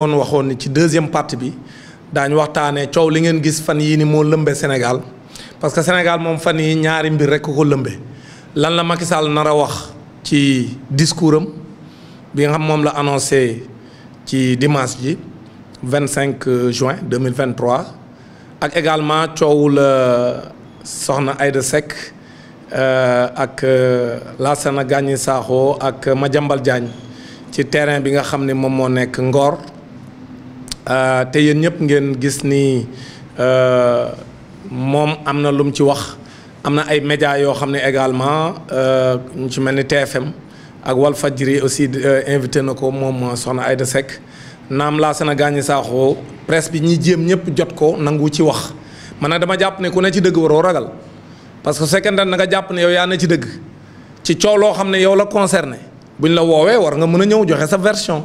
moon waxoon ni ci deuxième partie bi daañu waxtaanee coow li ngeen gis fan yii ni moo lëmbee Sénégal parce que Sénégal moom fan yi ñaari mbir rek ko lëmbe lan la Macky Sall nar a wax ci discours am bi nga xam moom la annoncé ci dimanche ji 25 juin 2023 ak également coowu la euh, soxna Aïda Seck euh, ak euh, Lassana Gagny Sakho ak Madiambal Diagne ci terrain bi nga xam ne moom moo nekk Ngor Euh, te yéen ñëpp ngeen gis ni euh, moom am na lu mu ci wax am na ay médias yoo xam ne également euh, ñu ci mel ni TFM ak wal Walfadjri aussi invité na ko moom soxna ay Aïda Seck naam laa seen a gaañi saaxoo presse bi ñi jéem ñëpp jot ko nangu ci wax man nag dama jàpp ne ku ne ci dëgg waroo ragal parce que su fekkee ne nga jàpp ne yow yaa ne ci dëgg ci coow loo xam ne yow la bu ñu la woowee war nga mun a ñëw joxe sa version.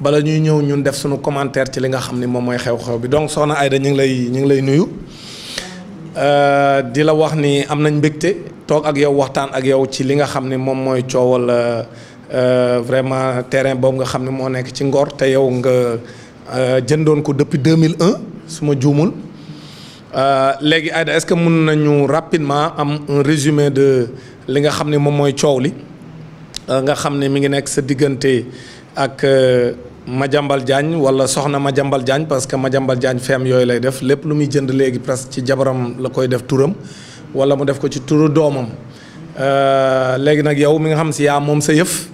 bala ñuy ñew ñun def suñu commentaire ci li nga xamni mom moy xew-xew bi donc soxna ayda ñing lay ñing lay nuyu euh, di dila wax ni am nañ mbégte toog ak yow waxtaan ak yow ci li nga xamni mom moy ciowal euh, euh vraiment terrain boobu nga xamni mo moo nekk ci ngor te yow nga euh, jëndon ko depuis 2001 suma ma euh ayda est ce que nañu rapidement am un résumé de li nga xamni mom moy ciowli nga xamni mi ngi nekk sa digënté ak euh, Madiambal Diagne wala soxna Madiambal Diagne parce que Madiambal Diagne feem yooyu lay def lépp lu muy jënd léegi presque ci jabaram la koy def turam wala mu def ko ci turu doomam euh, léegi nag yow mi nga xam si yaa moom sa yëf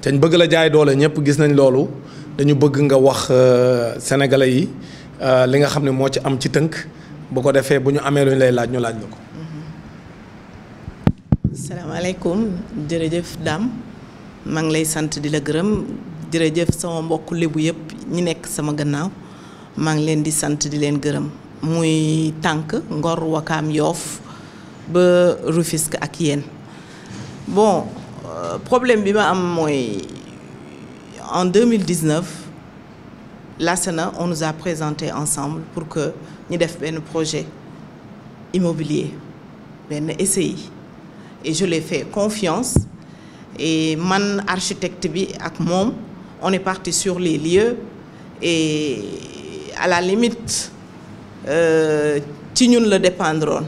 te ñu bëgg la jaay doole ñëpp gis nañ loolu dañu bëgg nga wax euh, sénégalais yi li nga xam ne moo ci am ci tënk bu ko defee bu ñu amee lu ñu lay laaj ñu laaj la ko. salaamaaleykum jërëjëf Dame maa ngi lay sant di la gërëm. jërëjëf sama mbokku lébu yëpp ñi nekk sama gannaaw maa ngi leen di sant di leen gërëm muy tànk Ngor Wakaam Yoof ba Rufisque ak yéen bon euh, problème bi ma am mooy en 2019 l'ASENA on nous a présenté ensemble pour que ñu def benn projet immobilier benn essai et je l'ai fait confiance et man architecte bi ak moom on est parti sur les lieux et à la limite, euh, le ñun le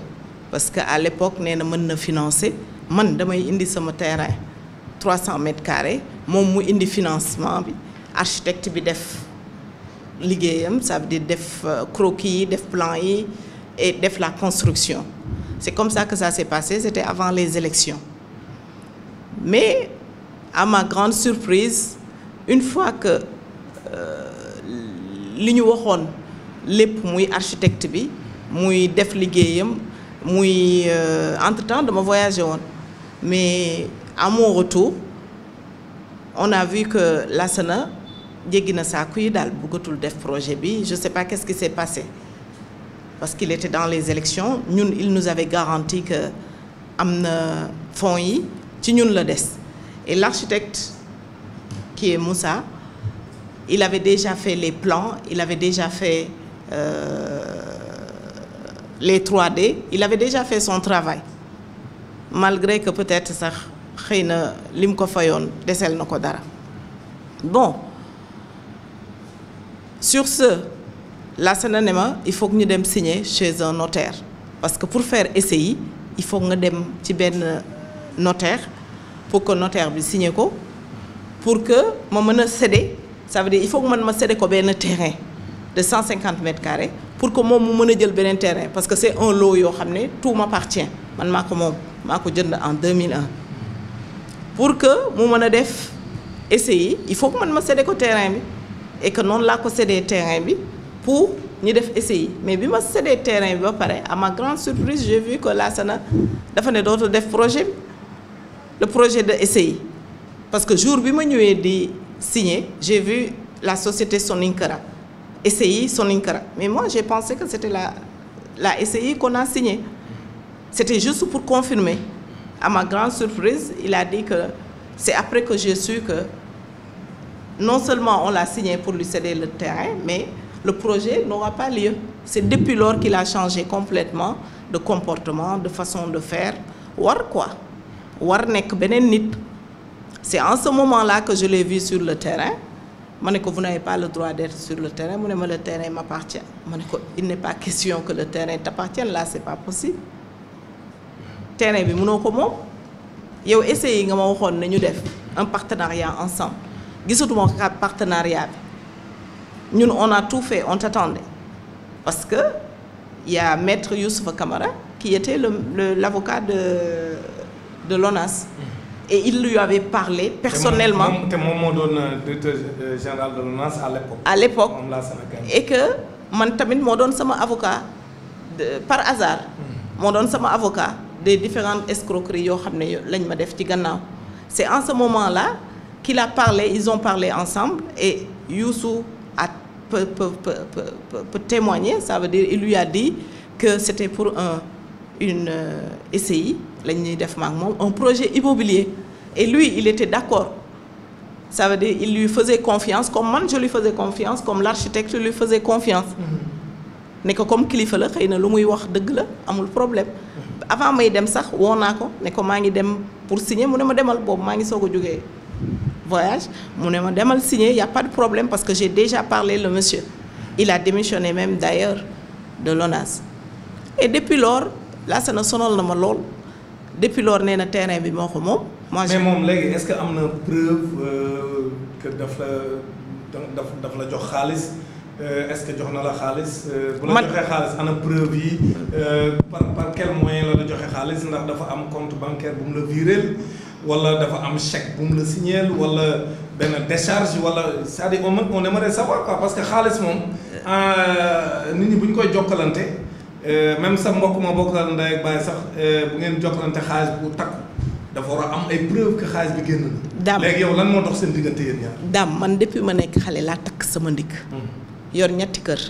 parce qu'à l'époque nous avons financé. nous financer man damay indi sama terrain 300 mètres carrés je mu indi financement bi architecte bi def ça veut dire euh, croquis des def et def la construction c'est comme ça que ça s'est passé c'était avant les élections mais à ma grande surprise une fois que nous euh, nous waxoon l'architecte, muy architecte bi muy def liggéeyam euh, entre temps dama mais à mon retour on a vu que la SENA, na saako yi daal bëggatul def projet Je ne sais pas qu'est-ce qui s'est passé parce qu'il était dans les élections il nous avait garanti que nous avons fonds yi ci et l'architecte qui est Moussa, il avait déjà fait les plans, il avait déjà fait euh, les 3D, il avait déjà fait son travail. Malgré que peut-être ça, xeyna lim ko ce dessel nako Bon. Sur ce, la il faut que nous dem signer chez un notaire parce que pour faire essayer, il faut que nous dem notaire pour que notaire signe signer pour que je puisse céder ça veut dire il faut que je me cède ko terrain de 150 mètres carrés pour que je me mën un terrain parce que c'est un lot qui tout m'appartient Je maa en 2001 pour que je me def essayer il faut que je me cède ko terrain et que non, me cède un terrain bi pour ñu def essayer mais bi ma cédé terrain bi terrain, à ma grande surprise j'ai vu que là, dafa a fait d'autres projet le projet de parce que jour où je signé, j'ai vu la société Soninkara, SCI Soninkara. Mais moi, j'ai pensé que c'était la, la SCI qu'on a signée. C'était juste pour confirmer. À ma grande surprise, il a dit que c'est après que j'ai su que non seulement on l'a signé pour lui céder le terrain, mais le projet n'aura pas lieu. C'est depuis lors qu'il a changé complètement de comportement, de façon de faire. War quoi War nek benen nit. C'est en ce moment-là que je l'ai vu sur le terrain. Je vous n'avez pas le droit d'être sur le terrain. Je le terrain m'appartient. Il n'est pas question que le terrain t'appartienne. Là, ce n'est pas possible. Le terrain, ne pas. un partenariat ensemble partenariat on a tout fait on t'attendait parce que il y a maître Youssef Kamara, qui était l'avocat de de l'ONAS mm-hmm et il lui avait parlé personnellement. C'était mon, euh, euh, général de à l'époque. À l'époque. Et que man tamine moo mon avocat par hasard. Hmm. moo doon mon avocat des différentes escroqueries C'est en ce moment-là qu'il a parlé, ils ont parlé ensemble et Youssou a peut, témoigner, ça veut dire il lui a dit que c'était pour un une euh, SCI un projet immobilier et lui il était d'accord ça veut dire qu'il lui faisait confiance comme moi je lui faisais confiance comme l'architecte lui faisait confiance Mais mm-hmm. comme kilifa la xëy na lu muy wax dëgg problème mm-hmm. avant may dem sax dem pour signer je ne demal a voyage Il n'y signer a pas de problème parce que j'ai déjà parlé le monsieur il a démissionné même d'ailleurs de l'ONAS et depuis lors Lassana sonal na ma lool depuis loolu nee na terrain bi moo ko moi mais moom léegi est-ce que am na preuve euh, que daf la daf la jox xaalis euh, est-ce que jox na la xaalis. Euh, bu la joxee xaalis ana preuve par par quel moyen la la joxe xaalis ndax dafa am compte bancaire boum le la viréel wala dafa am chèque boum le signal, signeel wala ben décharge wala c'est-à-dire on aimerait savoir quoi parce que xaalis mon, ni ni bu ñu koy jokkalante. Euh, même sax mbokk ma bokkal ndey ak baay sax euh, bu ngeen jokkalante xaalis bu takk dafa war a am ay preuve que xaalis bi génn na. daam man depuis ma nekk xale laa takk sama ndigg hmm. yor ñetti kër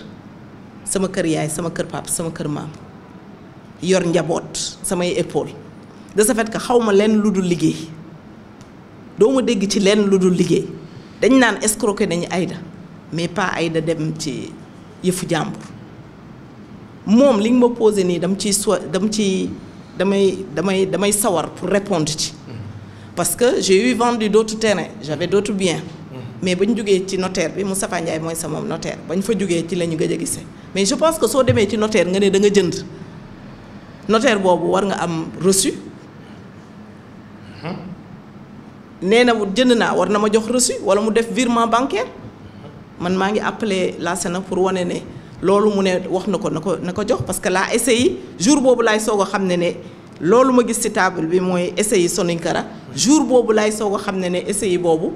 sama kër yaay sama kër pap sama kër maam yor njaboot samay épaule de ce fait que xaw ma lenn lu dul liggéey doo ma dégg ci leen lu dul liggéey dañ naan escroquer dañu Aïda mais pas Aïda dem ci yëfu jàmbur. mom li nga ma posé ni dam ci dam ci damay damay damay sawar pour répondre ci parce que j'ai eu vendu d'autres terrains j'avais d'autres biens mais ba jugé ci notaire bi Moustapha Ndiaye sa mom notaire ba fa jugé ci lañu ñu gëj mais je pense que so démé ci notaire nga né da nga jënd notaire bobu war nga am reçu néna na jënd na war na ma jox reçu wala mu def virement bancaire man maa ngi appelé la sénat pour wane ne lolou mu ne wax na ko nako ko jox parce que la essayé jour bobu lay sogo a xam ne ne loolu ma gis ci table bi mooy essayé Soninkara jour bobu lay sogo a xam ne ne essayé boobu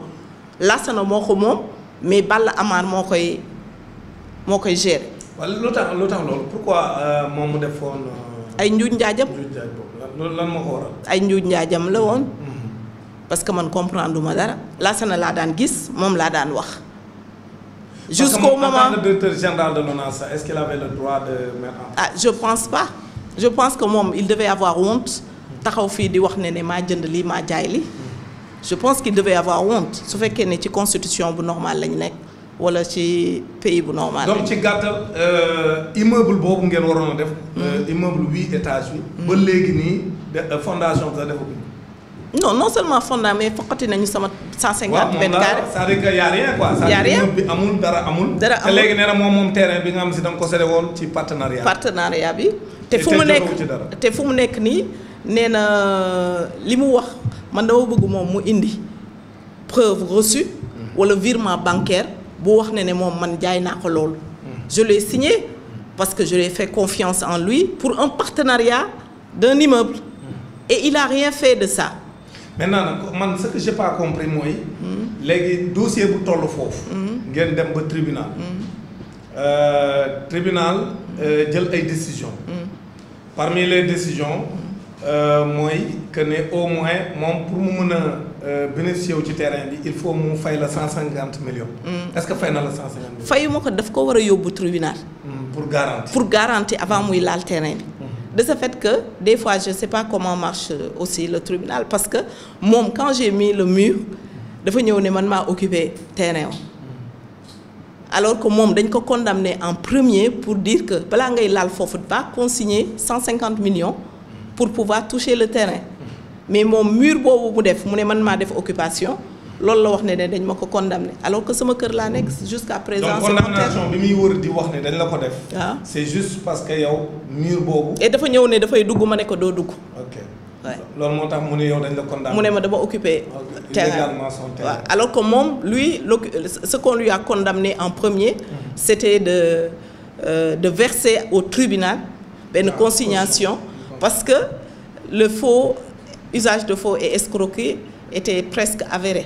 Lassana moko mom mais Balla Amar moo koy gérer. wala lu tax lu tax loolu pourquoi euh, moom mu defoon. Euh, ay ndiou njaajam lan lan moo waral. ay ndiou njaajam la woon. Mhm. parce que man comprendre ma dara Lassana la daan gis mom la daan wax. Jusqu'au moment. En tant que directeur général de l'ONAS, est-ce qu'il avait le droit de mettre en place ah, Je pense pas. Je pense que moi, il devait avoir honte. Je pense qu'il devait avoir honte. Ce fait qu'il y a une constitution normale. wala ci pays bu normal donc ci gàttal euh, immeuble boobu ngeen waroon a def. Mm-hmm. Euh, immeuble huit étages bi. ba léegi nii euh, fondation bi sax defaguñu non non seulement fond naa mais foqati nañu sama 150 mètres carrés. waaw c'est-à-dire que y a rien quoi. y a rien amul dara amul. dara amul te léegi nee terrain bi nga xam si da nga ko séddee woon ci partenariat partenariat bi te fu mu nekk te fu mu nekk nii nee euh, wax man dama bëgg moom mu indi preuve reçue. Mm-hmm. wala virement bancaire bu wax ne ne moom man jaay ko loolu. Mm-hmm. je l'ai signé parce que je lui ai fait confiance en lui pour un partenariat d'un immeuble. Mm-hmm. et il a rien fait de ça maintenant ce que je n'ai pas compris que le dossier bu faux. Il y dem ba tribunal. Euh, tribunal pris euh, une décisions. parmi les décisions euh, moi, que ne au moins pour bénéficier du terrain il faut que fay la 150 millions. est-ce que vous na la millions. Il faut que je ko au tribunal. Hmm, pour garantir pour garantir avant le le terrain de ce fait que des fois je ne sais pas comment marche aussi le tribunal parce que moi, quand j'ai mis le mur je ñëw ne man occupé terrain alors que moi, suis condamné en premier pour dire que Belanga il ne faut pas consigner 150 millions pour pouvoir toucher le terrain mais mon mur je mu def c'est la wax ne condamné alors que sama kër l'annexe jusqu'à présent. donc condamnation bi muy wër di la ko ah. c'est juste parce que yow mur boobu. et dafa ñëw ne dafay dugg ma ne ko doo dugg. ok loolu moo tax mu ne yow condamné. mu ne ma dama son terrain alors que lui ce qu'on lui a condamné en premier. Mhm. c'était euh, de verser au tribunal. une ah, consignation parce que le faux usage de faux et escroquerie était presque avéré.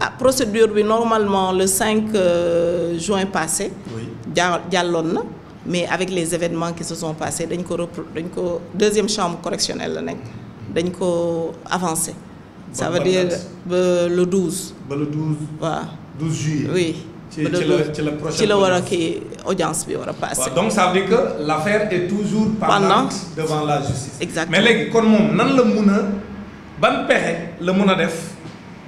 La ah, procédure bi normalement le 5 euh, juin passé. oui jaa mais avec les événements qui se sont passés dañ ko repro ko deuxième chambre correctionnelle la nekk dañ ko avancé. ça veut dire le 12. ba le 12. waaw 12 juillet. oui ci la ci la aura a audience bi war passé. donc ça veut dire que l'affaire est toujours. pendante devant la justice. exactement mais léegi kon moom nan la mun a ban pexe la mun a def.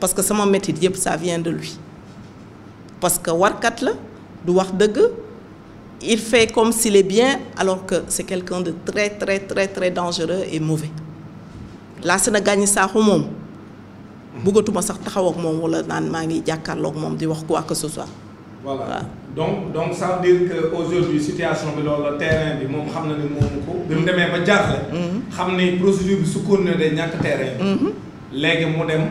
parce que sama métit yëpp ça vient de lui parce que warkat la du wax dëgg il fait comme s'il est bien alors que c'est quelqu'un de très très très très dangereux et mauvais laase na gàññi saaxu moom bëggatuma sax taxaw ak moom wala naan maa ngi jàkkaarloog moom di wax quoi que ce soit voilà donc donc ça veut dire que aujourd'hui situation bi loolu la terrain bi moom xam na ni moomu ko bi mu demee ba jaaxle mhm. xam ni procédure bi sukkoon na day ñàkk terrain bi mhm. léegi mu dem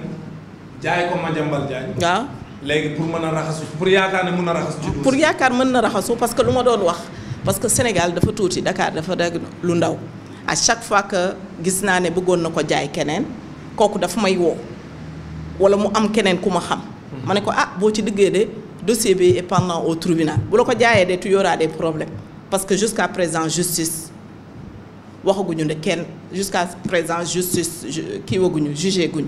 jaay ko Madiambal Diagne. waaw léegi pour mën a raxasu pour yaakaar ne mën na raxasu. ci pour yaakaar mën na raxasu parce que lu ma doon wax parce que Sénégal dafa tuuti dakaar dafa dagg lu ndaw à chaque fois que gis naa ne bëggoon na ko jaay keneen kooku dafa may woo wala mu am keneen ku ma xam. ma ne ko ah boo ci diggee de dossier bi est pendant au tribunal bu la ko jaayee de tu y aura des problèmes parce que jusqu'à présent justice. waxaguñu ne kenn jusqu'à présent justice kii waguñu jugé guñu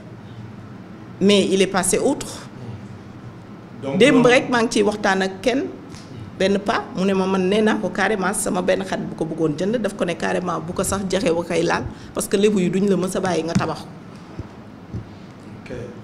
mais il est passé outre. donc démb rek maa ngi ciy waxtaan ak kenn benn pa mu ne ma man nee naa ko carrément sama ben xarit bu ko bëggoon jënd daf ko ne carrément bu ko sax jaxee wa koy laal parce que lebu yu duñ la mës a nga tabax.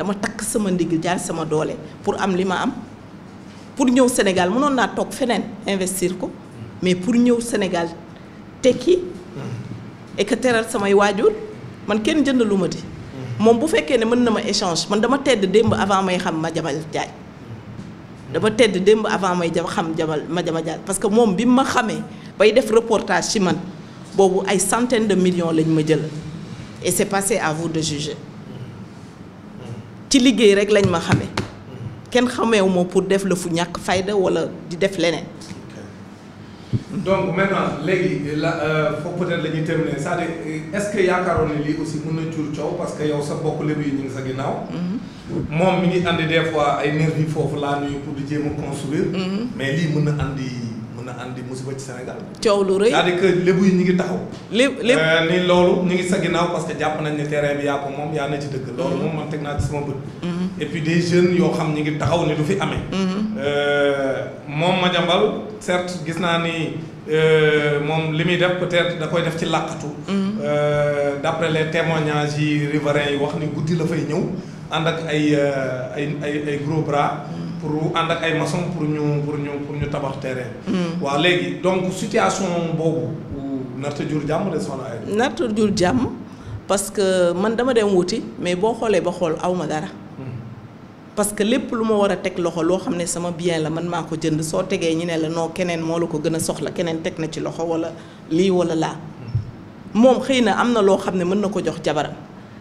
dama tak sama ndigg jaar sama doole pour am li ma am pour ñew Sénégal mënon na tok fenen investir ko mais pour ñew Sénégal tekki et que teral samay waajur man kenn jënd lu ma di moom bu fekkee né mën na ma échange man dama tedd demb avant may xam ma jabal jaay dama tedd demb avant may ja xam jabal ma jaba jaay parce que mom bi ma xamee bay def reportage ci man bobu ay centaines de millions lañ ma jël et c'est passé à vous de juger ci liguey rek lañ ma xamee kenn xameewu ma pour def le fu ñak fayda wala di def leneen. donc maintenant légui euh faut peut-être la terminer c'est-à-dire euh, est-ce que yaakaaroon ne lii aussi mën na jur coow parce que yow sa bokk lébu yi ñu ngi sa ginnaaw. mom mhm. mi ngi andi des fois ay nervi fofu la nuyu pour di jéem construire. Mhm. mais li mën na andi. mën na andi musiba ci Sénégal. coow lu rëy c'est-à-dire que yi ñu ngi taxaw. léb léb euh, loolu ñu ngi sa ginnaaw parce que jàpp nañ ne terrain bi yaa ko moom yaa na ci dëgg. loolu mm-hmm. moom man teg naa sama bët. Mm-hmm. et puis des yoo xam ñu ngi taxaw ni du fi amee. Mm-hmm. Euh, moom Madiambal certes gis naa ni euh, moom li muy def peut-être da koy def ci làqatu. d'après les témoignages yi riverains yi wax ni guddi la fay ñëw ànd ak ay ay ay ay gros bras. pour ànd ak ay maçon pour ñu pour ñu pour ñu tabax terrain. Hmm. wa légui donc situation bobu narta jur jam de soxna ay. narta jur jam parce que man dama dem wouti mais bo xolé ba xol awma dara. Hmm. parce que lepp luma wara tek loxo lo xamné sama bien la man mako jënd so tegee ñi ne la no kenen mo la ko gëna soxla kenen tek na ci loxo wala li wala la hmm. mom xeyna amna lo xamné mën na ko jox jabaram.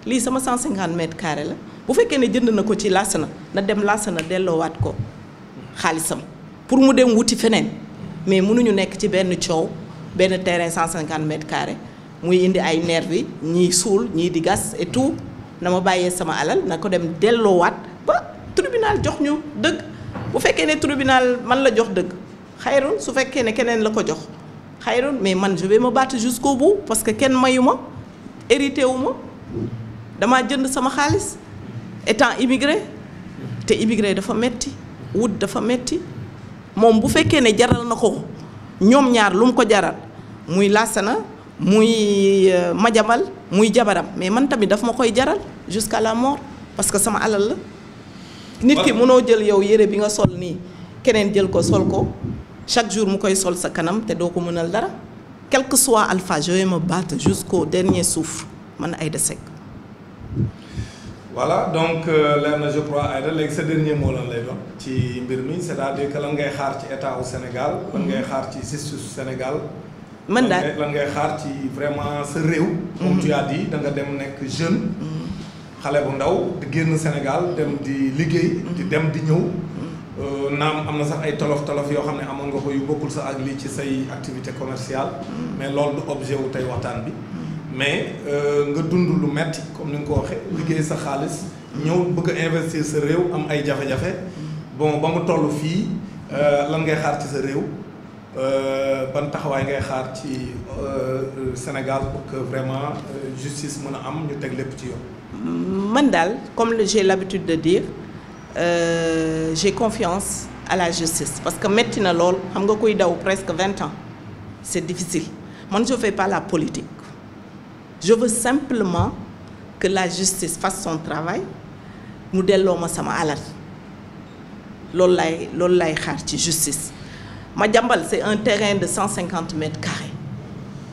lii sama cent 150 mètres carrés la bu fekkee ne jënd na ko ci Lassana na na dem Lassana delloowaat ko xaalisam pour mu dem wuti feneen mais mënuñu nekk ci benn coow benn terrain 150 mètres carrés muy indi ay nervi ñii suul ñii di gas et tout na ma bàyyee sama alal na ko dem delloowaat ba tribunal jox ñu dëgg bu fekkee ne tribunal man la jox dëgg xayrul su fekkee ne keneen la ko jox xayrul mais man je ma me battre jusqu'au bout parce que kenn mayu ma hérité wu ma dama jënd sama xaalis étant immigré té immigré dafa metti wut dafa metti mon bu féké né jaral na ñom ñaar lu ko jaral muy l'asana, muy euh, majamal muy jabaram mais man tamit daf ma koy jaral jusqu'à la mort parce que sama alal la nit ki mëno jël yow yére bi nga sol ni. keneen jël ko sol ko chaque jour mu koy sol sa kanam té doo ko mënal dara quel que soit Alpha je vais me battre jusqu'au dernier souffle man de sec voilà donc leer je crois Aïda léegi sa dernier mot lan lay doon ci mbir mi c'est-à-dire que lan ngay xaar ci état wu Sénégal lan ngay xaar ci justice Sénégal man daal lan ngay xaar ci vraiment sa réew comme tu as dit da nga dem nekk jeune xale bu ndaw di génn Sénégal dem di liggéey di dem di ñëw euh, naam am na sax ay tolof tolof yoo xam ne amoon nga ko yu bokkul sa ak li ci say activité commerciale mm. mais loolu du objet wu tey waxtaan bi mais euh, nga dund lu metti comme ni nga ko waxee liggéey sa xaalis ñëw bëgg investir sa réew am ay jafé jafé bon ba mu fi euh lan ngay xaar ci sa réew euh, ban taxaway ngay xaar ci euh, Sénégal pour que vraiment justice mën am ñu teg lepp ci yoon. man dal comme j'ai l'habitude de dire euh, j'ai confiance à la justice parce que metti na lool xam nga koy daw presque 20 ans c'est difficile Moi je fais pas la politique je veux simplement que la justice fasse son travail mu ma sama C'est justice c'est un terrain de 150 mètres carrés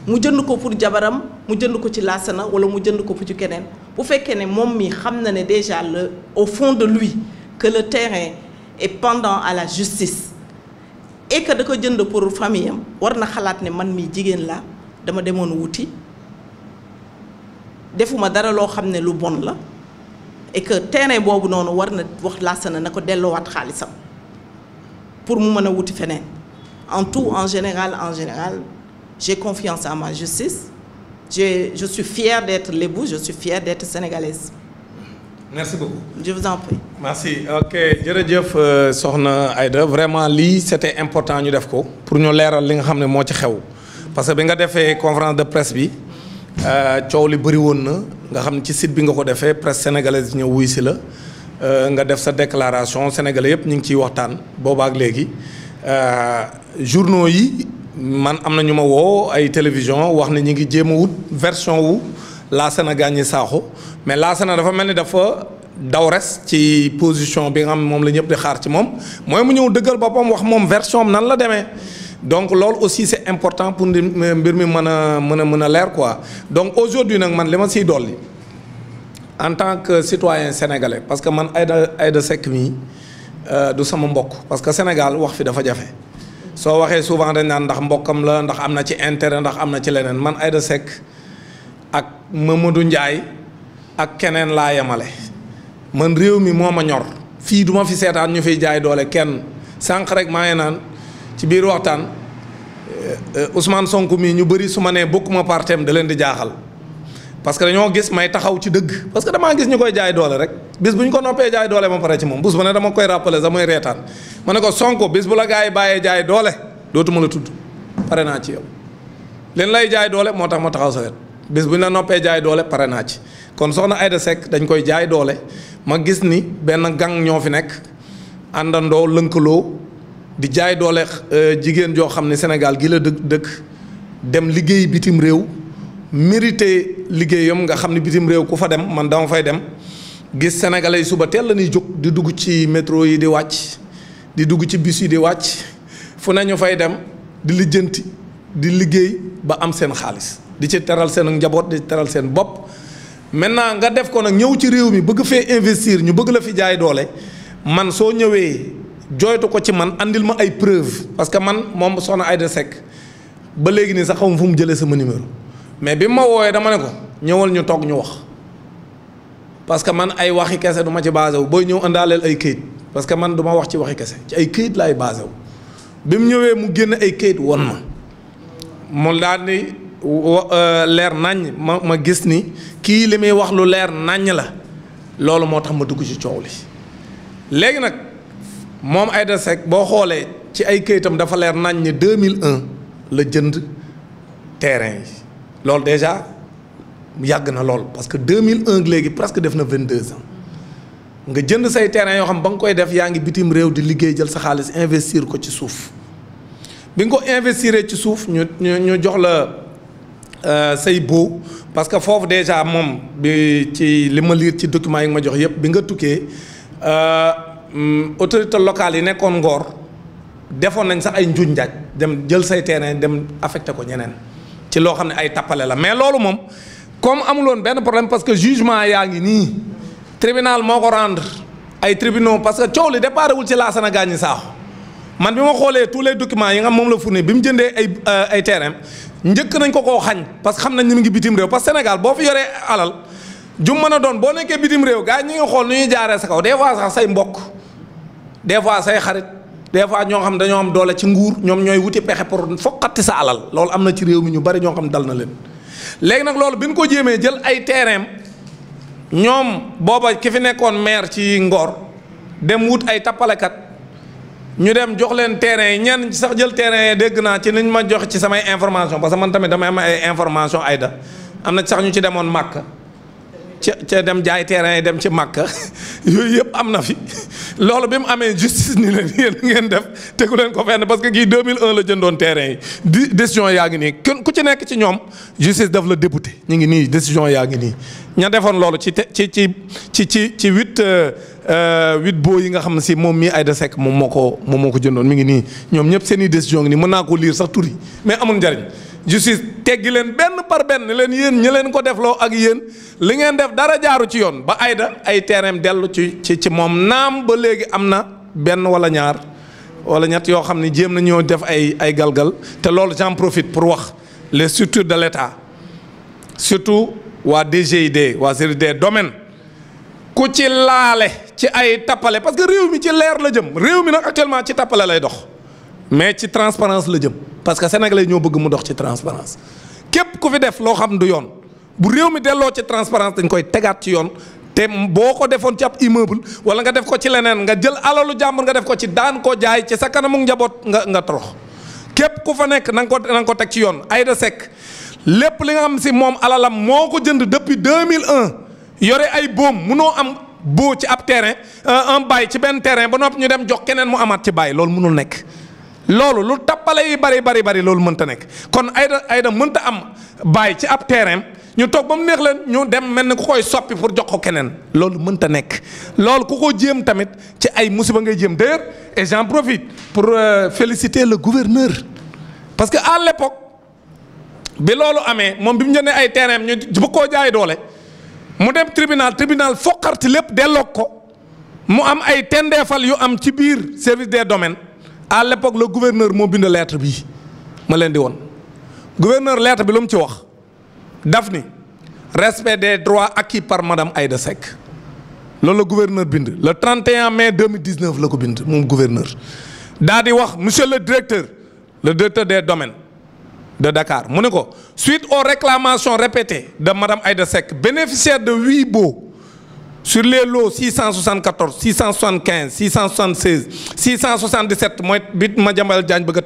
mu jënd ko pour jabaram mu jënd ko ci lasana wala mu jënd ko pour ci keneen bu mi déjà au fond de lui que le terrain est pendant à la justice et que da ko jënd pour famille war na ne man mi jigen la dama defuma dara lo xam lu bon la et que terrain bobu noonu warna wax la sene na ko wat khalisam pour mu ne wouti fenen en tout en général en général j'ai confiance en ma justice je je suis fier d'être lébou je suis fier d'être sénégalaise. merci beaucoup je vous en prie. merci ok jeuf soxna Aïda vraiment li c'était important ñu def ko pour ñu leeral li nga xam mo ci xew parce que bi nga defee conférence de presse bi. Euh, coow li bëri woon na nga xam ne ci sit bi nga ko defee presse sénégalaise ñëw wuy si la euh, nga def sa déclaration sénégalais yëpp ñu ngi ciy waxtaan boobaak léegi euh, journaux yi man am na ñu ma woo ay télévision wax ne ñu ngi jéem a wut version wu Lassana Gagné Sakho mais Lassana dafa mel ni dafa dawrees ci position bi nga xam moom la ñëpp di xaar ci moom mooy mu ñëw dëggal boppam wax moom version am nan la demee donc loolu aussi c'est important pour mbir mi mën a mën quoi donc aujourd'hui nag man li ma dolli en tant que citoyen sénégalais parce que man Aïda Aïda Seck mii euh, du sama mbokk parce que Sénégal wax fi dafa jafe soo waxee souvent dañ naan ndax mbokkam la ndax am na ci intérêt ndax am na ci leneen man Aïda Seck ak Mamadou Ndiaye ak kenen la yemale man réew mi moo ma ñor fii du ma fi seetaan ñu fiy jaay doole kenn sànq rek maa ngi ci biir waxtaan euh, euh, Ousmane sonk mii ñu bari su ma nee bokkuma partem da leen di jaaxal parce que dañoo gis may taxaw ci dëgg parce que damaa gis ñu koy jaay doole rek bis bu ñu ko noppee jaay doole ma pare ci moom bés bu ne dama koy ma ne ko Sonko bis bu la gaa yi jaay doole dootuma la tudd pare naa ci yow leen lay jaay doole moo tax ma taxaw sa wet bis bu ñu la noppee jaay doole pare naa ci kon soxna Aida Seck dañ koy jaay doole ma gis ni benn gang ñoo fi nekk àndandoo lënkaloo. di jaay doole euh, jigéen joo xam ne Sénégal gi la dëkk dem liggéey bitim réew mérité liggéeyam nga xam ne bitim réew ku fa dem man dama fay dem gis sénégalais yi suba teel la ñuy jóg di dugg ci métro yi di wàcc di dugg ci bus yi di wàcc fu nañu fay dem di lijjanti di liggéey ba am seen xaalis di ci teral seen njaboot di teral seen bopp maintenant nga def ko nag ñëw ci réew mi bëgg fee investir ñu bëgg la fi jaay doole man soo ñëwee jooytu ko ci man indil ma ay preuve parce que man moom ay Aïda Seck ba léegi nii sax ma fu mu jëlee sama numéro mais bi ma wooyee dama ne ko ñëwal ñu toog ñu wax parce que man ay waxi kese duma ci basé wu booy ñëw indaaleel ay kayit parce que man du wax ci waxi kese ci ay kayit laay basé wu bi mu ñëwee mu génn ay kayit won ma mu daal euh, leer nàññ ma ma gis ni kii li muy wax lu leer nàññ la loolu moo tax ma dugg ci coow li léegi nag. moom Aïda Seck bo xolé ci ay këyitam dafa leer nañ ni 2001 le jënd terrain lool déjà yàgg na lool parce que 2001 léegi presque def na 22 ans nga jënd say terrain yo xam bang koy def yaangi bitim rew di liggéey jël sa xaalis investir ko ci souf bi nga ko investir ci souf ñu ñu jox la euh, say beau parce que fofu déjà mom bi ci li ma liir ci document yi ma jox yépp bi nga tuké euh Mm, autorité locale yi nekkoon ngoor defoon nañ sax ay njuñ njaaj dem jël say terrain dem affecté ko ñeneen ci loo xam ne ay tappale la mais loolu moom comme amuloon benn problème parce que jugement yaa ngi nii tribunal moo ko rendre ay tribunaux parce que coow li déparé wul ci Lassana Gagny Sakho man bi ma xoolee tous les yi nga moom la fourni bi mu jëndee ay euh, ay njëkk nañ ko koo xañ parce que xam nañ ni mu ngi bitim réew parce Sénégal boo fi yoree alal jum mën a doon boo nekkee bitim réew gars ñu ngi xool nu ñuy jaaree sa kaw des fois sax say des fois say xarit des fois ñoo xam dañoo am doole ci nguur ñoom ñooy wuti pexe pour foqati sa alal loolu am na ci réew mi ñu bari ñoo xam dal na leen. léegi nag loolu bi ñu ko jéemee jël ay terrain ñoom booba ki fi nekkoon maire ci ngoor dem wut ay tappalekat ñu dem jox leen terrain yi ñenn sax jël terrain yi dégg naa ci niñ ma jox ci samay information parce man tamit damay am ay information Aïda am na sax ñu ci demoon màkk ca ca dem jaay terrain yi dem ci màkka yooyu yëpp am na fi loolu bi mu amee justice ni leen yéen ngeen def tegu leen ko fenn parce que mille 2001 la jëndoon terrain yi di décision yaa ngi nii kenn ku ci nekk ci ñoom justice daf la député ñu ngi nii décision yaa ngi nii ña defoon loolu ci ci ci ci ci ci huit euh, euh, huit boo yi nga xam ne si moom mii Aïda Seck moom moo ko moom moo ko jëndoon mi ngi nii ñoom ñëpp seen i décision ngi nii mën naa ko liir sax turi mais amul njariñ justice teggi leen benn par benn leen yéen ñi leen ko defloo ak yéen li ngeen def dara jaaru ci yoon ba ayda ay terrain dellu ci ci ci moom naam ba léegi am na benn wala ñaar wala ñett yoo xam ne jéem nañoo def ay ay galgal te loolu j'en profit pour wax les surtout de l'État surtout waa DGID waa service des domaines ku ci laale ci ay tappale parce que réew mi ci leer la jëm réew mi nag actuellement ci tappale lay dox mais ci transparence la jëm parce que sénégalais ñoo bëgg mu dox ci transparence képp ku fi def lo xam du yoon bu réew mi délo ci transparence dañ koy tégaat ci yoon té boko ko ci ab immeuble wala nga def ko ci lenen nga jël alalu jàmbur nga def ko ci daan ko jaay ci sa kanamu njaboot nga nga torox képp ku fa nek nang ko nang ko tek ci yoon lépp li nga xam ci mom alalam moko jënd depuis 2001 yore ay bom. mëno am bo ci ab terrain euh, un bail ci ben terrain ba nopp ñu dem jox kenen mu amat ci bail lool mënul nek loolu lu tappale yi bari bari bari loolu mënta nekk kon ayda ayda mënta am bàyyi ci ab terrain ñu toog ba mu neex leen ñu dem mel ni ku koy soppi pour jox ko keneen loolu mënta nekk loolu ku ko jéem tamit ci ay musiba ngay jéem d'ailleurs et j'en profite pour euh, féliciter le gouverneur parce que à l'époque bi loolu amee moom bi mu jëndee ay terrain ñu bu koo jaay doole mu dem tribunal tribunal fokkarti lépp delloo ko mu am ay tendeefal yu am ci biir service des domaines à l'époque le gouverneur lettre bi ma dit. di gouverneur lettre bi ce ci respect des droits acquis par madame Aïda Seck le gouverneur le 31 mai 2019 le ko gouverneur daa monsieur le directeur le directeur des domaines de Dakar suite aux réclamations répétées de Mme Aïda bénéficiaire de huit baux sur les lots 674 675 676 677 bit 677 678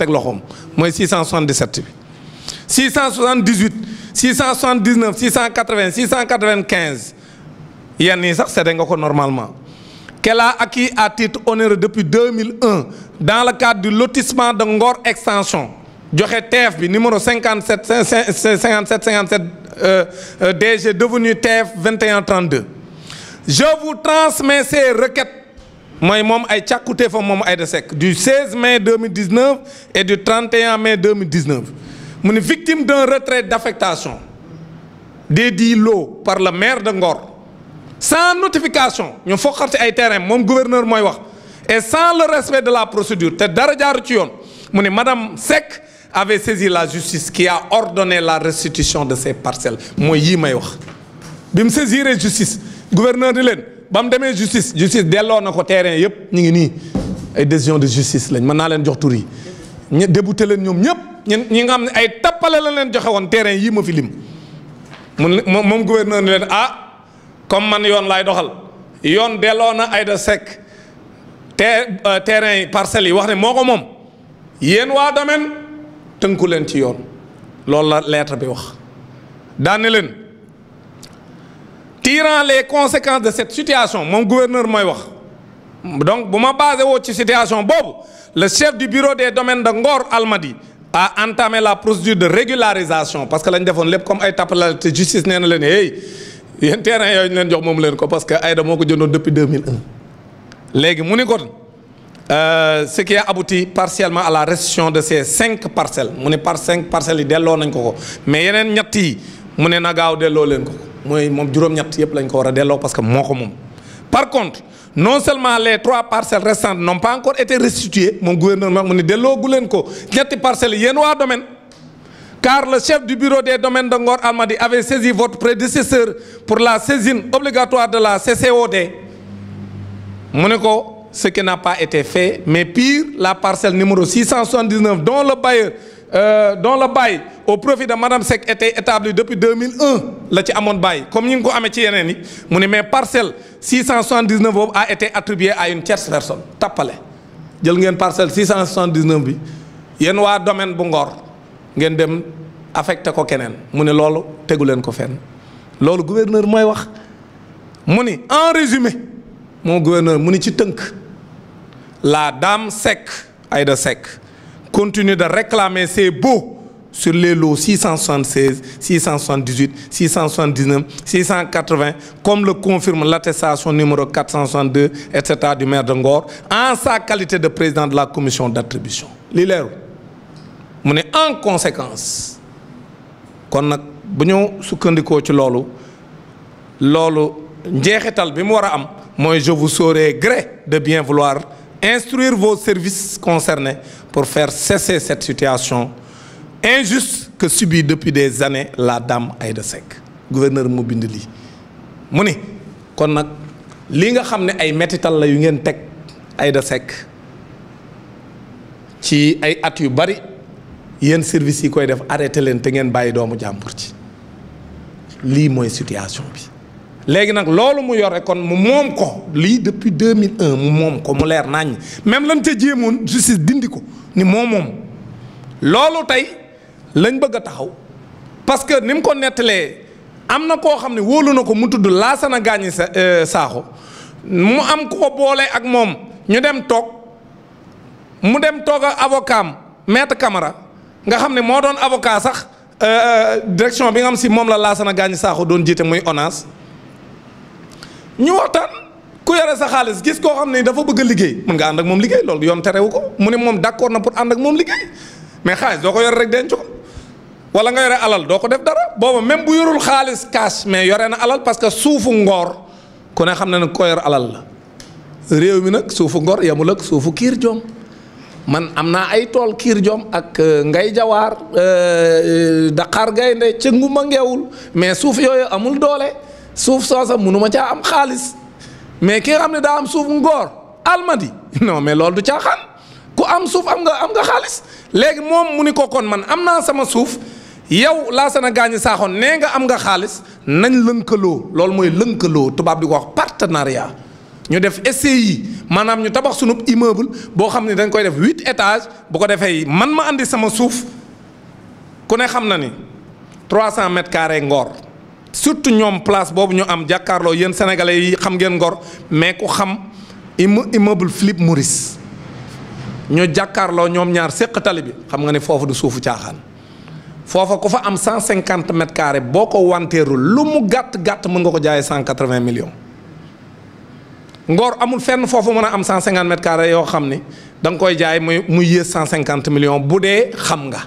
679 680 695 a un sax c'est normalement qu'elle a acquis à titre onéreux depuis 2001 dans le cadre du lotissement de Ngor extension joxe TF numéro 57 57 57 DG devenu TF 2132 je vous transmets ces requêtes du 16 mai 2019 et du 31 mai 2019 Je suis victime d'un retrait d'affectation dédié l'eau par le maire de Ngor sans notification ñu ay terrain gouverneur m'a et sans le respect de la procédure Mme Sec madame avait saisi la justice qui a ordonné la restitution de ces parcelles Je me may la justice gouverneur di leen ba mu demee justice justice delloo na ko terrain yëpp ñu ngi nii ay décision de justice lañ mën naa leen jox tur yi ñu leen ñoom ñëpp ñun ñi nga xam ne ay tappale la leen joxe woon terrain yii ma fi lim. mun moom gouverneur ni leen ah comme man yoon laay doxal yoon delloo na Aïda Seck te euh, terrain yi parcelles yi wax ne moo ko moom yéen waa domaine tënku leen ci yoon loolu la lettre bi wax daane leen. les conséquences de cette situation mon gouverneur m'a dit, donc pour ma base de cette situation Bob le chef du bureau des domaines de Ngor Almadi a entamé la procédure de régularisation parce que lañ defoon comme ay tappalal justice nee hey y terrain des ñu jox a leen ko parce que depuis 2001. Euh, ce qui a abouti partiellement à la restitution de ces cinq parcelles mu par cinq parcelles yi l'eau nañ ko mais il y a des gens na gaaw parce que par contre non seulement les trois parcelles restantes n'ont pas encore été restituées mon gouvernement dit que parcelles domaine car le chef du bureau des domaines de Almadi avait saisi votre prédécesseur pour la saisine obligatoire de la CCOD Monaco ce qui n'a pas été fait mais pire la parcelle numéro 679 dont le bailleur euh, dont le bail au profit de Madame Sek, était établi depuis 2001 la ci amoon bail comme nous l'avons ko amee ci parcelle 679 a été attribuée à une tierce personne pas eu ngeen parcelle 679 bi a un domaine bu Ngor ngeen dem affecté ko keneen mu ne loolu tegu leen ko fenn gouverneur a wax en résumé mon gouverneur mon la dame Sek Aïda Sek continue de réclamer ses bouts sur les lots 676, 678, 679, 680, comme le confirme l'attestation numéro 462, etc. du maire de en sa qualité de président de la commission d'attribution. Les on en conséquence. kon on a ci lolu lolu je vous serai gré de bien vouloir instruire vos services concernés pour faire cesser cette situation injuste que subit depuis des années la dame Aïda Seck gouverneur moo bind lii mu ni kon nag li nga xam ne ay métital la yu ngeen teg Aïda Seck ci ay at yu bari yéen service yi koy def arrêté leen te ngeen bàyyi doomu jàmbur ci lii mooy situation léegi nag loolu mu yore kon mu moom ko lii depuis 2001 mu moom ko mu leer naññ même lan ca jéemoon justice dindi ko ni moo moom loolu tey lañ bëgg a taxaw parce que ni mu ko nettalee am na koo xam ne wóolu na ko mu tudd Laasana Gaañi sa euh, Saaxo mu am ko boole ak moom ñu dem toog mu dem toog ak avocat am maître Camara nga xam ne moo doon avocat sax euh, euh, direction bi nga xam si moom la na Gaañi Saaxo doon jiite muy ONAS ñu waxtaan ku yore sa xaalis gis koo xam ne dafa bëgg liggéey mun nga ànd ak moom liggéey loolu yoon terewu ko mu ne moom d'accord na pour ànd ak moom liggéey mais xaalis doo ko yore rek denc ko wala nga yore alal doo ko def dara booba même bu yorul xaalis cash mais yore na alal parce que suufu ngoor ku ne xam ne ne ko yor la réew mi nag suufu ngoor yamul ak suufu kiir joom man am naa ay tool kiir joom ak euh, ngay jawaar euh, euh, daqaar gaynde ci nguma ngeewul mais suuf yooyu amul doole suuf soosa munuma caa am xaalis mais ki nga xam ne daa am suuf ngóor almadi non mais loolu du caaxaan ku am suuf am nga am nga xaalis léegi moom mu ni ko kon man am naa sama suuf yow Lassana Gagny Sakho nee nga am nga xaalis nañ lënkaloo loolu mooy lënkaloo tubaab di ko wax partenariat ñu def SCI maanaam ñu tabax sunub immeuble boo xam ne dañ koy def huit étages bu ko defee man ma andi sama suuf ku ne xam na ni trois cent mètres carrés ngoor surtout ñoom place boobu ñu am jàkkaarloo yéen sénégalais yi xam ngeen ngor mais ku xam immeuble Philip Maurice ñu jàkkaarloo ñoom ñaar séq tali bi xam nga ne foofu du suufu caaxaan foofa ku fa am cent cinquante mètres carrés boo ko wanteerul lu mu gàtt gàtt mën nga ko jaay cent quatre-vingts millions ngor amul fenn foofu mën a am cent cinquante mètres yoo xam ni danga nga koy jaay muy muy yées cent cinquante millions bu dee xam nga.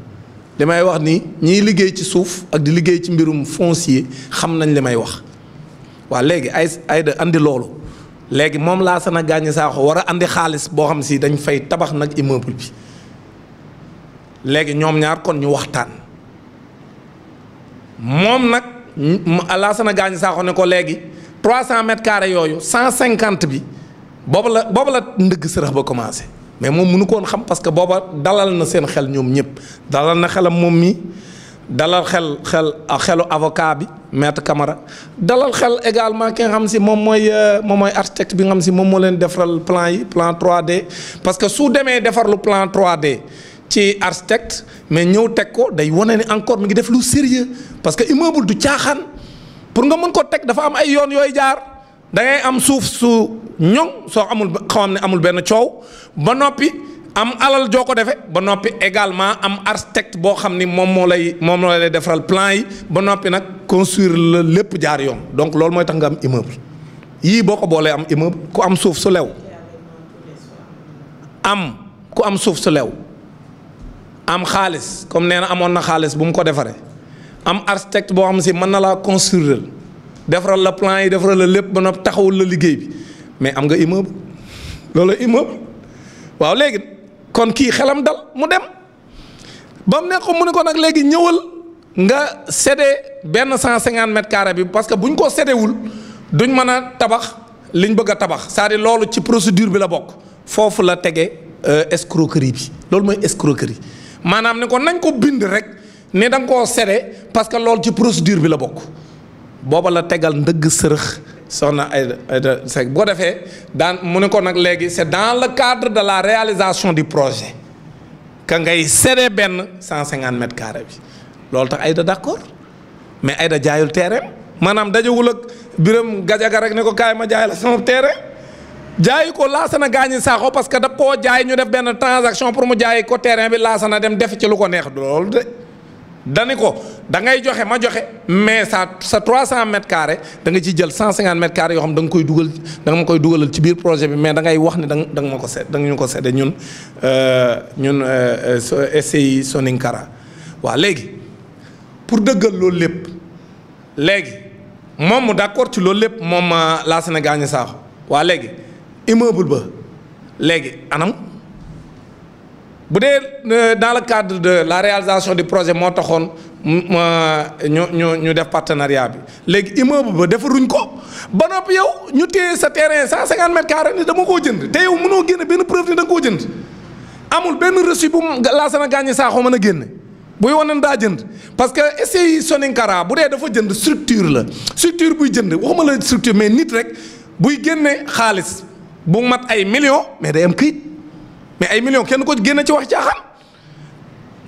li may wax ni ñiy liggéey ci suuf ak di liggéey ci mbirum foncier xam nañ li may wax waa léegi ay ay da andi loolu léegi moom laa sana gàññi saaxo war a andi xaalis boo xam si dañ fay tabax nag immeuble bi léegi ñoom ñaar kon ñu waxtaan moom nag laa sana gàññi saaxo ne ko léegi 300 mètres carrés yooyu 150 bi boobu la boobu la ndëgg sërëx ba commencé mais moom mënu ko woon xam parce que Baba dalal na seen xel ñoom ñëpp dalal na xelam moom mi dalal xel xel ah, xelu avocat bi maître Camara dalal xel également ki nga xam si mon moi moom euh, architecte bi nga xam si moom moo leen defaral plan yi plan 3D parce que su demee le plan 3D ci architecte mais nous teg ko day wane ni encore mi ngi def lu sérieux parce que immeuble du caaxaan pour nga mon ko teg dafa am ay yoon jaar da ngay am souf su ñong so amul xaw amul ben coow ba nopi am alal joko defé ba nopi également am architecte bo xamni mom mo lay mom lay defaral plan yi ba nopi nak construire la jaar yoon donc lool moy tax nga am immeuble yi boko ko boolee am immeuble ku am souf su lew am ku am souf su lew am xaliss comme néna amon na xaliss bu mu ko défaré am architecte bo xam si man na construire defaral la plan yi defaral la lépp ba noppi taxawul la liggéey bi mais am nga immeuble loolu immeuble waaw léegi kon kii xelam dal mu dem ba mu ne ko mu ne ko nag léegi ñëwal nga sédde benn cent cinquante mètres carrés bi parce que bu ñu ko séddewul duñ mën a tabax liñ bëgg a tabax cest à loolu ci procédure bi la bokk foofu la tege euh, escroquerie bi loolu mooy escroquerie maanaam ne ko nañ ko bind rek ne danga ko koo sédde que loolu ci procédure bi la bokk. booba la tegal ndëgg sërëx soxna Aïda Aïda bo défé ko daan mu ne ko nak légui c'est dans le cadre de la réalisation du projet ka ngay séddee benn 150 mètres carrés bi loolu tax Aïda d'accord mais Aïda jaayul terrain manam dajewul ak Biram Gajaga rek ne ko kay ma jaay la sama terrain jaay ko la laasana gaañi saaxo parce que da ko jaay ñu def benn transaction pour mu jaay ko terrain bi la laasana dem def ci lu ko neex loolu de dani ko da ngay joxe ma joxe mais sa sa 300 mètres carrés da nga ciy jël 150 mètres carrés yoo xam da nga koy dugal da ma koy dugalal ci biir projet bi mais da ngay wax ne da nga da nga ma ko seet da nga ñu ko seede ñun euh, ñun euh, SCI Soninkara waaw léegi pour dëggal loolu lépp léegi moom mu d'accord ci loolu lépp moom euh, la Sénégal ñu saaxu waa léegi immeuble ba léegi anam. bu dee dans le cadre de la réalisation du projet moo taxoon ñu ñu ñu def partenariat bi léegi immeuble ba defaruñ ko ba noppi yow ñu téye sa terrain cent cinquante mètres carrés ni dama koo jënd te yow mënoo génne benn preuve ni da nga koo jënd amul benn reçu bu Lassana Gagny Sakho mën a génne buy wane daa jënd parce que SCI Soninkara bu dee dafa jënd structure la structure buy jënd waxuma la structure mais nit rek buy génne xaalis bu mat ay millions mais day am këyit mais ay millions kenn ko génne ci wax caaxaan.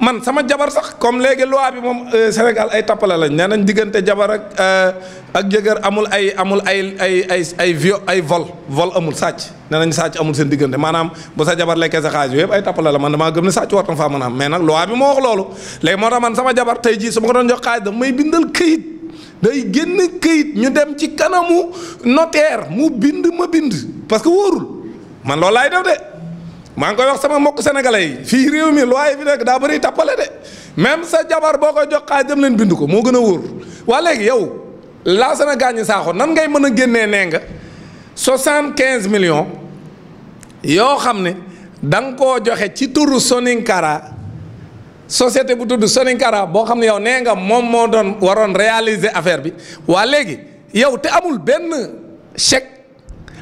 man sama jabar sax comme léegi loi bi moom euh, Sénégal ay tappale lañ nee nañ diggante jabar ak euh, ak jëkkër amul ay amul ay ay ay ay vio ay vol vol amul sàcc nee nañ sàcc amul seen diggante maanaam bu sa jabar lekkee sa xaalis yooyu yëpp ay tappale la man damaa gëm ne sàcc war na faa mën a am mais nag loi bi moo wax loolu léegi moo tax man sama jabar tey jii su ma ko doon jox xaalis daf may bindal këyit day génn këyit ñu dem ci kanamu notaire mu bind ma bind parce que wóorul man loolu laay def maa ngi koy wax sama mbokk sénégalais yi fii réew mi loi yi fi nekk daa bëri tappale de même sa jabar boo koy jox xaalis dem leen bindu ko moo gën a wóor waa léegi yow laa sana gaañi saaxo nan ngay mën a génnee nee nga soixante quinze millions yoo xam ne da nga koo joxe ci turu Soninkara société bu tudd Soninkara boo xam ne yow nee nga moom moo doon waroon réalisé affaire bi waa léegi yow te amul benn chèque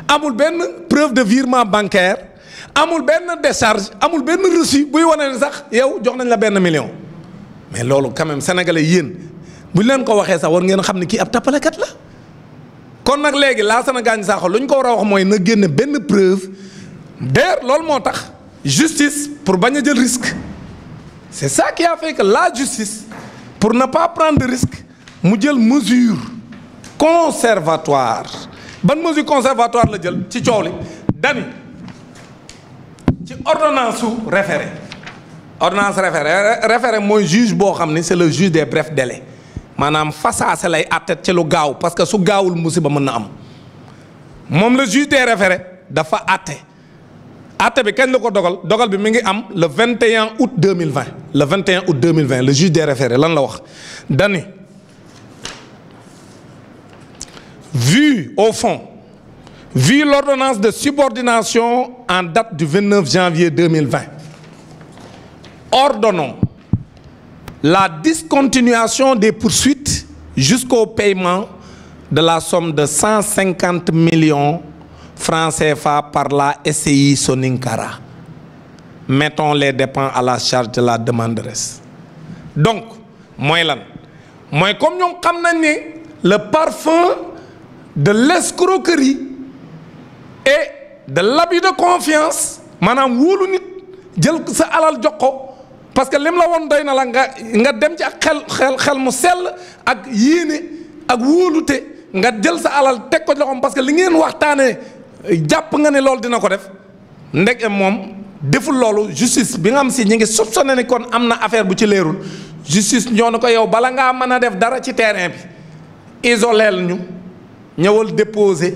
amul benn preuve de virement bancaire amul ben décharge amul ben reçu buy wane sax yow jox nañ la ben million mais lolu quand même sénégalais yeen buñ len ko waxé sax war ngeen xam ki kii ab tappalekat la. kon nak légui la Gagny Sakho lu ñu ko wara a wax moy na génné ben preuve Der, lolu motax justice pour bañ jël risque c'est ça qui a fait que la justice pour ne pas prendre risque mu jël mesure conservatoire ban mesure conservatoire la jël ci coow dani ordonnance référée. référé ordonnance référé référé mon juge c'est le juge des brefs délais à cela, à tête, ci le gaaw parce que su gaawul musiba pas mon am moom le juge des référés dafa àtte athée. bi le la ko dogal dogal bi am le 21 août 2020 le 21 août 2020 le juge des référés lan la dani vu au fond vu l'ordonnance de subordination en date du 29 janvier 2020, ordonnons la discontinuation des poursuites jusqu'au paiement de la somme de 150 millions francs CFA par la SCI Soninkara. Mettons les dépens à la charge de la demanderesse. Donc, moi, comme nous avons le parfum de l'escroquerie e de l'abus de confiance maanaam wóolu nit jël sa alal jox ko parce que lim la woon doy na la nga nga dem ci ak xel xel xel mu sell ak yéene ak wóolute nga jël sa alal teg ko loxoom parce que li ngeen waxtaanee jàpp nga ne loolu dina ko def ndeg moom deful loolu justice bi nga xam si ñu ngi soupçonné ni kon am na affaire bu ci leerul justice ñoo ne ko yow bala ngaa mën a def dara ci terrain bi isoleel ñu ñëwal déposer.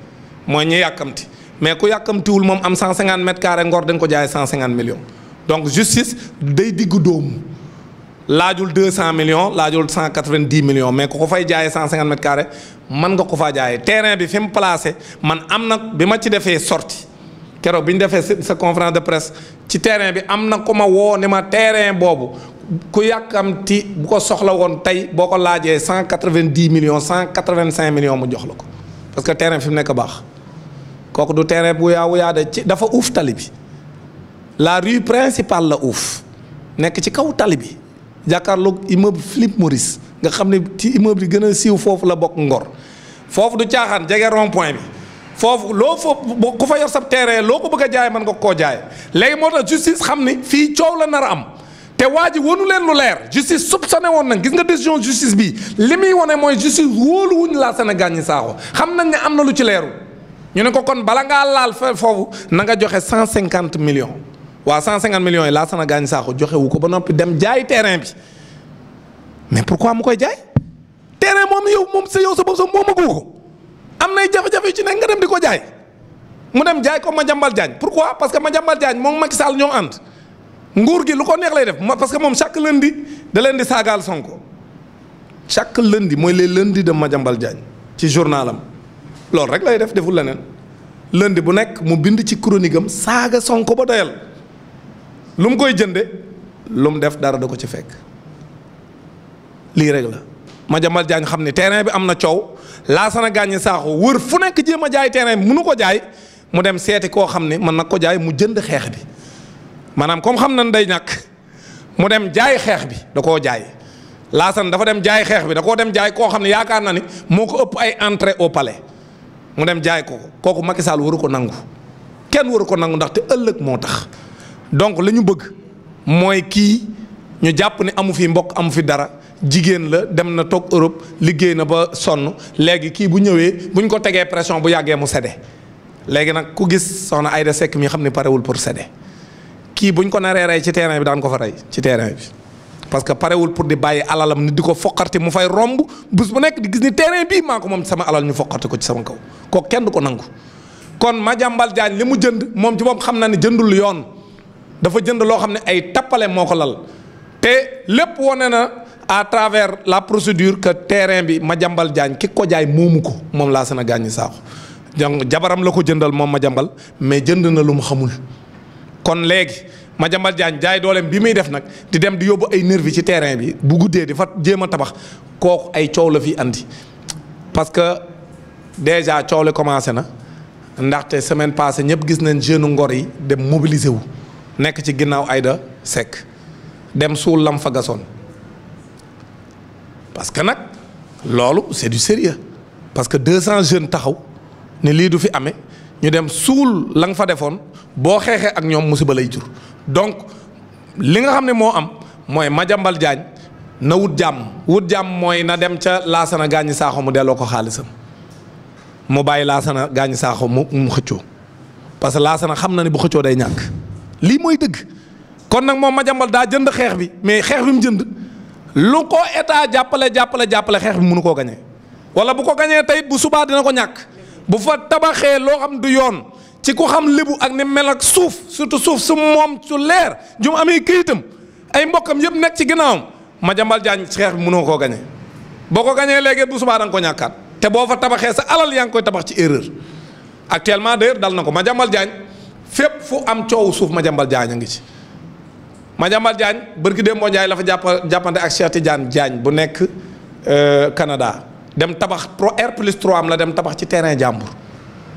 mooy ñu yàkkamti mais ku yàkkamtiwul moom am 150 mètres carrés Ngor dañ ko jaay 150 millions donc justice day diggu dóomu laajul 200 millions laajul 190 millions mais ku ko fay jaayee 150 mètres carrés mën nga ko faa jaayee terrain bi fi mu placé man am na bi ma ci defee sorti keroog bi ñu defee sa conférence de presse ci terrain bi am na ku ma woo ne ma terrain boobu ku yàkkamti bu ko soxla woon tey boo ko laajee 190 millions 185 millions mu jox la ko parce que terrain fi mu nekk baax. kooku du terrain bu yaa wuyaa de ci dafa ouf tali bi la rue principale la ouf. nek ci kaw tali bi jàkkaarloog immeuble flip Maurice nga xam ci immeuble gëna siw fofu la bok Ngor fofu du tiaxan jege rond point bi fofu lo fofu ku fa yor sa terrain loo ko bëgg a jaay man nga ko jaay léegi motax justice xamni fi ciow la nar am te waji wonu len lu leer justice soupçonné won na gis nga décision justice bi limi woné wane justice wóolu wuñ la Sénégal ñi saxo xam nañ amna lu ci leeru ñu ne ko kon bala laal millions waa 150 millions yi laa ça, gaañ ko terrain mais pourquoi mu ne jaay terrain moom yow moom sa yow ko am nay ci pourquoi parce que Madiambal Diagne moom Macky Sall ñoo nguur gi lu ko parce que chaque lundi de chaque lundi je le lundi de Madiambal Diagne loolu rek lay def deful leneen lundi bu nekk mu bind ci chronique am saaga Sonko ba doyal lu mu koy jënde lu def dara da ko ci fekk lii rek la Madiambal Diagne xam ne terrain bi am na coow Lassana Gagny Sakho wër fu nekk jéem a jaay terrain bi munu ko jaay mu dem seeti koo xam ne mën na ko jaay mu jënd xeex bi maanaam comme xam nañ day ñàkk mu dem jaay xeex bi da koo jaay Lassana dafa dem jaay xeex bi da koo dem jaay koo xam ne yaakaar na ni moo ko ëpp ay entrée au palais mu dem jaay ko kooku Macky Sall waru ko nangu kenn waru ko nangu ndaxte ëllëg moo tax donc li ñu bëgg mooy kii ñu jàpp ne amu fi mbokk amu fi dara jigéen la dem na toog Europe liggéey na ba sonn léegi kii bu ñëwee bu ko tegee pression bu yàggee mu sede léegi nag ku gis soxna de Seck mi xam ne parewul pour sede kii bu ko naree rey ci terrain bi daan ko fa rey ci terrain bi. parce que parewul pour di bàyyi alalam ni di ko foqarti mu fay romb bés bu nekk di gis ni terrain bii maa ko moom sama alal ñu foqarti ko ci sama kaw kooku kenn du ko nangu. kon Madiambal Diagne li mu jënd moom ci moom xam na ne jëndul yoon dafa jënd loo xam ne ay tappale moo ko lal te lépp wane na à travers la procédure que terrain bi Madiambal Diagne ki ko jaay moomu ko moom laa sën a gaañ saako donc jabaram la ko jëndal moom Madiambal mais jënd na lu mu xamul kon léegi. Madiambal Diagne jaay dooleem bi muy def nag di dem di yóbbu ay nervi ci terrain bi bu guddee di fa jéem a tabax kook ay coow la fi andi parce que déjà coow la commencé na ndaxte semaine passé ñëpp gis nañ jeune ngor yi dem mobiliser wu nekk ci ginnaaw Aïda Seck dem suul lam fa gasoon parce que nag loolu c'est du sérieux parce que 200 jeunes taxaw ne lii du fi amee ñu dem suul la nga fa defoon boo xeexee ak ñoom musiba lay jur donc li nga xam ne moo am mooy Madiambal Diagne na wut jàmm wut jàmm mooy na dem ca Laasana Gaañi Saaxo mu delloo ko xaalisam mu bàyyi Laasana Gaañi Saaxo mu mu xëccoo parce que Laasana xam na ne bu xëccoo day ñàkk lii mooy dëgg kon nag moom Madiambal daa jënd xeex bi mais xeex bi mu jënd lu ko état jàppale jàppale jàppale xeex bi mënu koo gañee wala bu ko gañee tey bu subaa dina ko ñàkk bu fa tabaxee loo xam du yoon. ci ku xam lépp ak ni mel suuf surtout suuf su moom su leer ju mu amee këyitam ay mbokkam yëpp nekk ci ginnaawam ma Diagne ci xeex bi mënoo koo gañe boo ko gañee léegi bu subaa da ko ñàkkaat te boo fa tabaxee sa alal yaa ngi koy tabax ci erreur actuellement d'ailleurs dal na ko ma Madiambal Diagne fépp fu am coowu suuf ma Madiambal jaañ a ngi ci Madiambal Diagne bërki démboo Njaay la fa jàpp jàppante ak Cheikh Tidiane Diagne bu nekk euh, Canada dem tabax pro R plus 3 dem tabax ci terrain jàmbur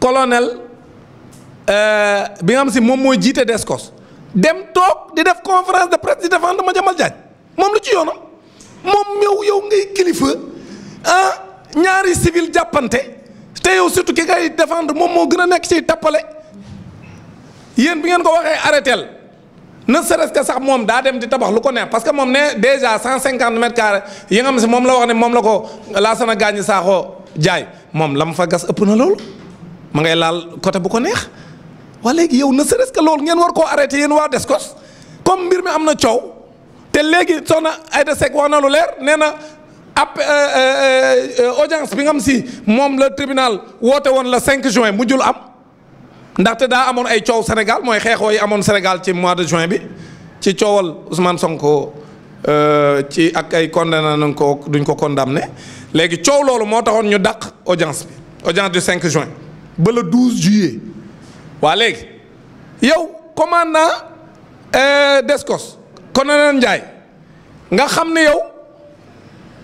colonel euh, bi nga si moom mooy jiite Descos dem toog di def conférence de presse di défendre Madiambal Diagne moom lu ci yoonam moom ñëw yow ngay kilifa ah ñaari civil jàppante te yow surtout ki ngay défendre moom moo gën a nekk ci tappale yéen bi ngeen ko waxee arrêtel ne serait-ce que sax moom daa dem di tabax lu ko neex parce que moom ne déjà cent cinquante mètres carrés yi nga xam si moom la wax ne moom la ko laa Lassana Gagny Sakho jaay moom la mu fa gas ëpp na loolu ma ngay laal côté bu ko neex waa léegi yow na serait-ce que loolu ngeen war koo arrêté yéen waa Descos comme mbir mi am na coow te léegi soxna Aïda Seck wax na lu leer nee na ab euh, euh, euh, audience bi nga xam si moom la tribunal woote woon la cinq juin jul am ndaxte daa amoon ay coow Sénégal mooy xeexoo yi amoon Sénégal ci mois de juin bi ci coowal Ousmane Sonko ci ak ay condamné nañ ko duñ ko condamné léegi coow loolu moo taxoon ñu dàq audience bi audience du juin. ba le 12 juillet waa léegi yow commandant euh, Descos colonel Ndiaye nga xam ne yow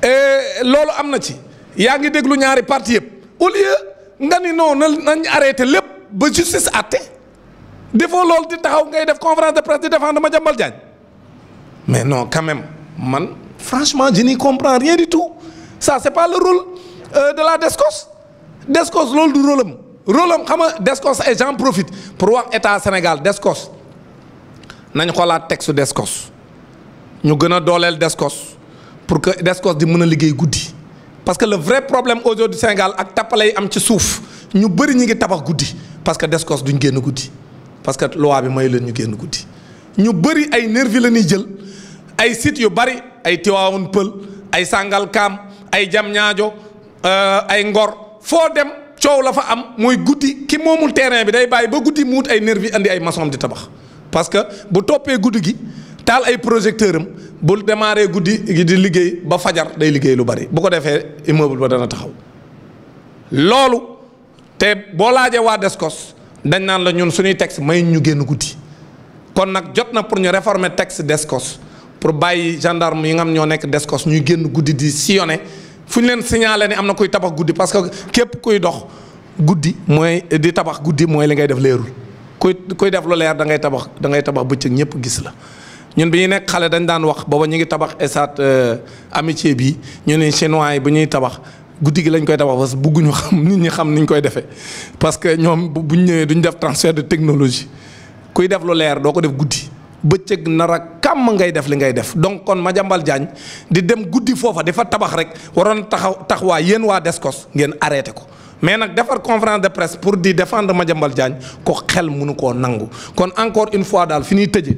euh, loolu am na ci yaa ngi déglu ñaari parti yëpp au lieu nga ni non nañ arrêté lépp ba justice àtte defoo loolu di taxaw ngay def conférence de presse di défendre Madiambal Diagne mais non quand même man franchement je n'y comprends rien du tout ça c'est pas le rôle euh, de la Descos Descos loolu du rôle am rôle am xam nga Descos et j'en profite pour wax état Sénégal Descos nañ xoolaat texte Descos ñu gën a dooleel Descos pour que Descos di mën a liggéey guddi parce que le vrai problème aujourd'hui du Sénégal ak tappale yi am ci suuf ñu bëri ñu ngi tabax guddi parce que Descos duñu génn guddi parce que loi bi may leen ñu génn guddi ñu bëri ay nervi la ñuy jël ay sites yu bëri ay Tivaouane pël ay sangal kaam ay jam Diamniadio euh, ay Ngor foo dem. coow la fa am mooy guddi ki moomul terrain bi day bàyyi ba guddi muut ay nervi indi ay mason di tabax parce que bu toppee guddi gi taal ay projecteur am bu démarré guddi gi di liggéey ba fajar day liggéey lu bari bu ko defee immeuble ba dana taxaw loolu te boo laajee waa Descos dañ naan la ñun suñuy texte may ñu génn guddi kon nag jot na pour ñu réformer texte Descos pour bàyyi gendarme yi nga xam ñoo nekk Descos ñuy génn guddi di si yone fu ñu leen signalé ne am na kuy tabax guddi parce que képp kuy dox guddi mooy di tabax guddi mooy li ngay def leerul kuy kuy def lu leer da ngay tabax da ngay tabax bëccëg ñëpp gis la. ñun bi ñu nekk xale dañ daan wax booba ñu ngi tabax stade euh, amitié bi ñu ne chinois yi bu ñuy tabax guddi gi lañ koy tabax parce que bugguñu xam nit ñi xam ni ñu koy defee parce que ñoom bu ñu ñëwee duñ def transfert de technologie kuy def lu leer doo ko def guddi. bëccëg nara kam ngay def li ngay def donc kon jambal jan di dem gudi fofa defa fa tabax rek waron taxaw taxawaay yen wa deskos ngeen arrêté ko mais nak defar conférence de presse pour di défendre jambal jan ko xel munu ko nangu kon encore une fois dal fini teje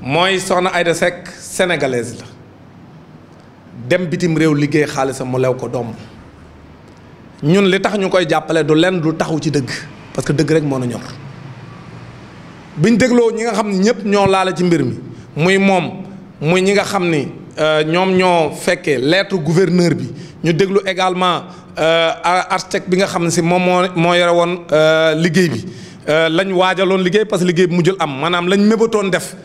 moy sek soxna Aïda sénégalaise la dem bitim rew liggéey xaalisam mo lew ko dom ñun li tax ñukoy jappalé du lenn du taxu ci deug parce que deug rek mo na ñor ñu dégloo ñi nga xam ne ñëpp ñoo laale ci mbir mi muy moom muy ñi nga xam ni euh, ñoom ñoo fekkee lettre gouverneur bi ñu déglu également euh, architecte bi nga xam ne si moom moo moo yore woon euh, liggéey bi lañ waajaloon liggéey parce que liggéey bi mujjul am maanaam lañ mébatoon def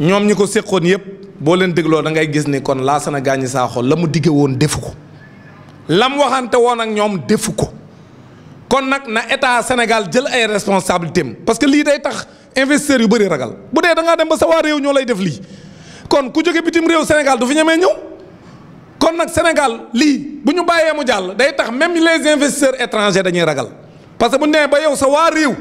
ñoom ñi ko séqoon yëpp boo leen dégloo da ngay gis ni kon Lassana Gagny Sakho la mu digge woon defu ko lam waxante woon ak ñoom defu ko kon nag na état Sénégal jël ay responsabilités parce lii day tax. investisseurs yu bëri ragal bu dee da dem ba sa waa réew ñoo lay def lii kon ku jóge bitim réew Sénégal du fi ñemee ñëw kon nag Sénégal lii bu ñu bàyyee mu jàll day tax même les investisseurs étrangers dañuy ragal parce que bu ñu demee ba yow sa waa réew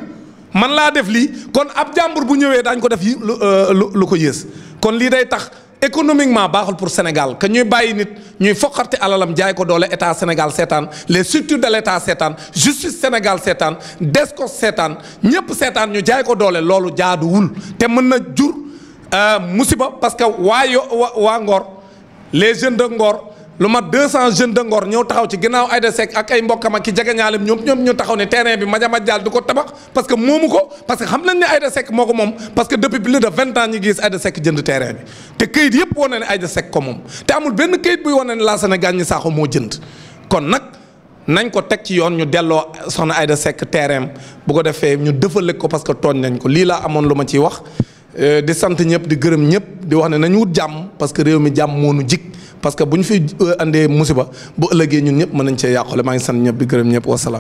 man laa def lii kon ab jàmbur bu ñëwee daañ ko def euh, lu lu ko yées kon lii day tax. économiquement baaxul pour Sénégal que ñuy bayyi nit ñuy foqarti alalam jaay ko doole état Sénégal sétane les structures de l'état sétane justice Sénégal sétane desco sétane ñepp sétane ñu jaay ko doole lolu jaaduwul te mën na jur euh, musiba parce que waa wa Ngor les jeunes de Ngor lu mat 200 jeunes de Ngor ñëw taxaw ci ginnaaw Aïda Seck ak ay mbokkam ak ki jegeñaalem ñoom ñoom ñu taxaw ne terrain bi Madiambal Diagne du ko tabax parce que moomu ko parce que xam nañ ne Aïda Seck moo ko moom parce que depuis plus de 20 ans ñu gis Aïda Seck jënd terrain bi te këyit yëpp wane ne Aïda Seck ko moom te amul benn këyit buy wane ne moo jënd kon nag nañ ko teg ci yoon ñu delloo soxna Aïda Seck terrain bu ko defee ñu dëfale ko parce que tooñ nañ ko lii laa amoon lu ma ciy wax Euh, di sant ñëpp di gërëm ñëpp di wax ne nañu wut jàmm parce que réew mi jàmm moo nu jik parce que bu ñu fi euh, andee musiba bu ëllëgee ñun ñëpp mën nañ ngi sant ñëpp di gërëm ñëpp wasalaam.